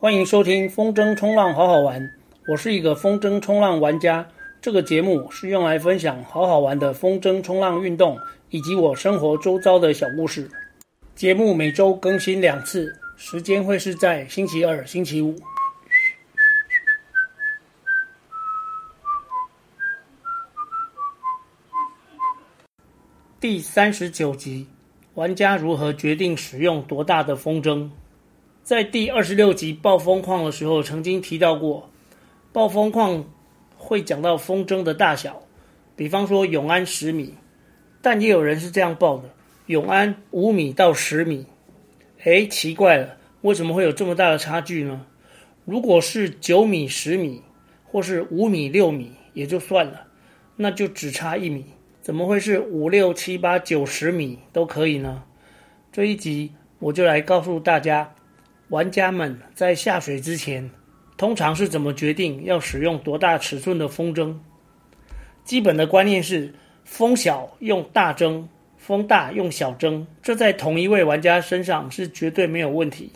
歡迎收聽風箏衝浪好好玩。我是一個風箏衝浪玩家。這個節目是用來分享好好玩的風箏衝浪運動，以及我生活周遭的小故事。節目每周更新兩次，時間會是在星期二、星期五。第三十九集：玩家如何決定使用多大的風箏？在第二十六集報風況的時候，曾經提到過，報風況會講到風箏的大小，比方說永安十米，但也有人是這樣報的，永安五米到十米。哎，奇怪了，為什麼會有這麼大的差距呢？如果是九米、十米，或是五米、六米，也就算了，那就只差一米，怎麼會是五六七八九十米都可以呢？這一集我就來告訴大家。玩家們在下水之前，通常是怎麼決定要使用多大尺寸的風箏？基本的觀念是：風小用大箏，風大用小箏。這在同一位玩家身上是絕對沒有問題。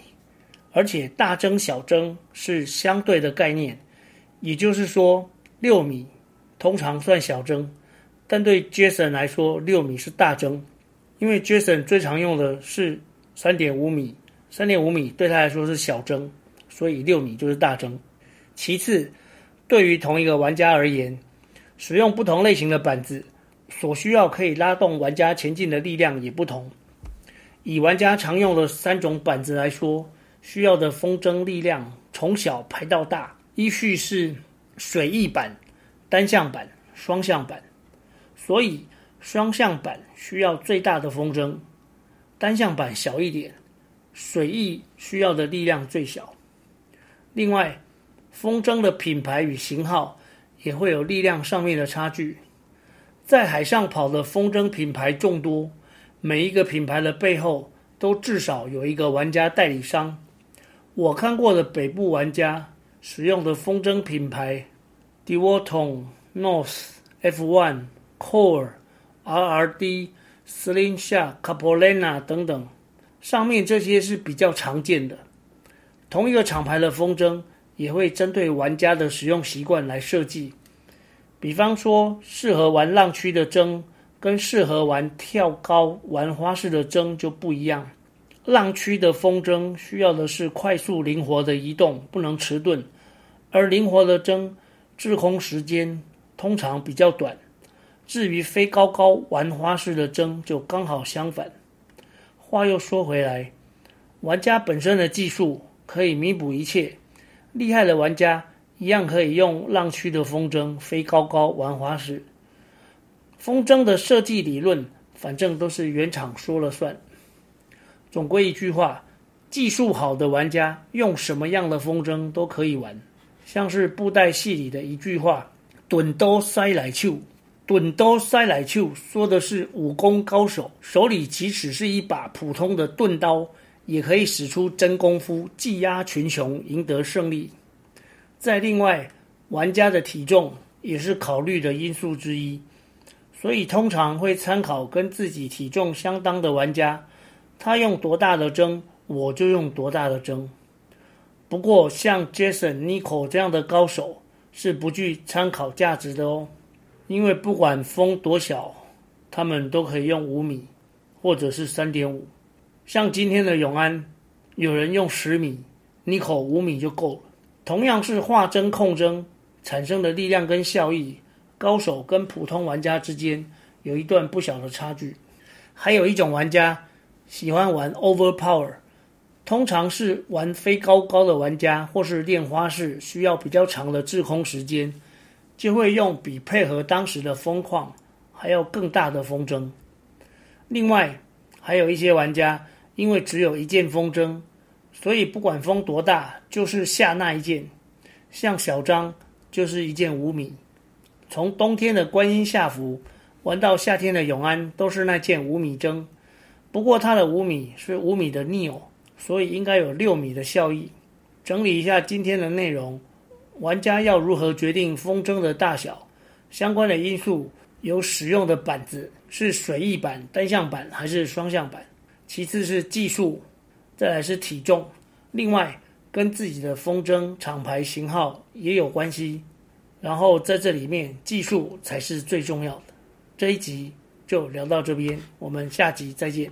而且大箏小箏是相對的概念，也就是說6，六米通常算小箏，但對 Jason 來說，六米是大箏，因為 Jason 最常用的是三點五米。三點五米對他來說是小箏，所以六米就是大箏。其次，對於同一個玩家而言，使用不同類型的板子，所需要可以拉動玩家前進的力量也不同。以玩家常用的三種板子來說，需要的風箏力量從小排到大，依序是水翼板、單向板、雙向板。所以雙向板需要最大的風箏，單向板小一點。水翼需要的力量最小。另外，風箏的品牌與型號也會有力量上面的差距。在海上跑的風箏品牌眾多，每一個品牌的背後都至少有一個玩家代理商。我看過的北部玩家使用的風箏品牌：Duotone、North、F1、Core、RRD、Slingshot、Capolena 等等。上面這些是比較常見的。同一個廠牌的風箏也會針對玩家的使用習慣來設計。比方說，適合玩浪區的箏，跟適合玩跳高、玩花式的箏就不一樣。浪區的風箏需要的是快速靈活的移動，不能遲鈍；而靈活的箏，滯空時間通常比較短。至於飛高高、玩花式的箏，就剛好相反。話又說回來，玩家本身的技術可以彌補一切，厲害的玩家一樣可以用浪區的風箏飛高高玩花式。風箏的設計理論，反正都是原廠說了算。總歸一句話，技術好的玩家用什麼樣的風箏都可以玩，像是布袋戲裡的一句話：“墩都塞來球。”鈍刀塞來丘，說的是武功高手手裡即使是一把普通的鈍刀，也可以使出真功夫，技壓群雄，贏得勝利。再另外，玩家的體重也是考慮的因素之一，所以通常會參考跟自己體重相當的玩家，他用多大的箏，我就用多大的箏。不過，像 Jason、Nico 這樣的高手是不具參考價值的哦。因為不管風多小，他們都可以用五米，或者是三點五。像今天的永安，有人用十米，Niko 五米就夠了。同樣是畫箏控箏產生的力量跟效益，高手跟普通玩家之間有一段不小的差距。還有一種玩家喜歡玩 overpower，通常是玩飛高高的玩家或是練花式，需要比較長的滯空時間。就會用比配合當時的風況還要更大的風箏。另外，還有一些玩家因為只有一件風箏，所以不管風多大，就是下那一件。像小張就是一件五米，從冬天的觀音下福，玩到夏天的永安，都是那件五米箏。不過他的五米是五米的 Neo，所以應該有六米的效益。整理一下今天的內容。玩家要如何決定風箏的大小？相關的因素有使用的板子是水翼板、單向板還是雙向板，其次是技術，再來是體重，另外跟自己的風箏廠牌型號也有關係。然後在這裡面，技術才是最重要的。這一集就聊到這邊，我們下集再見。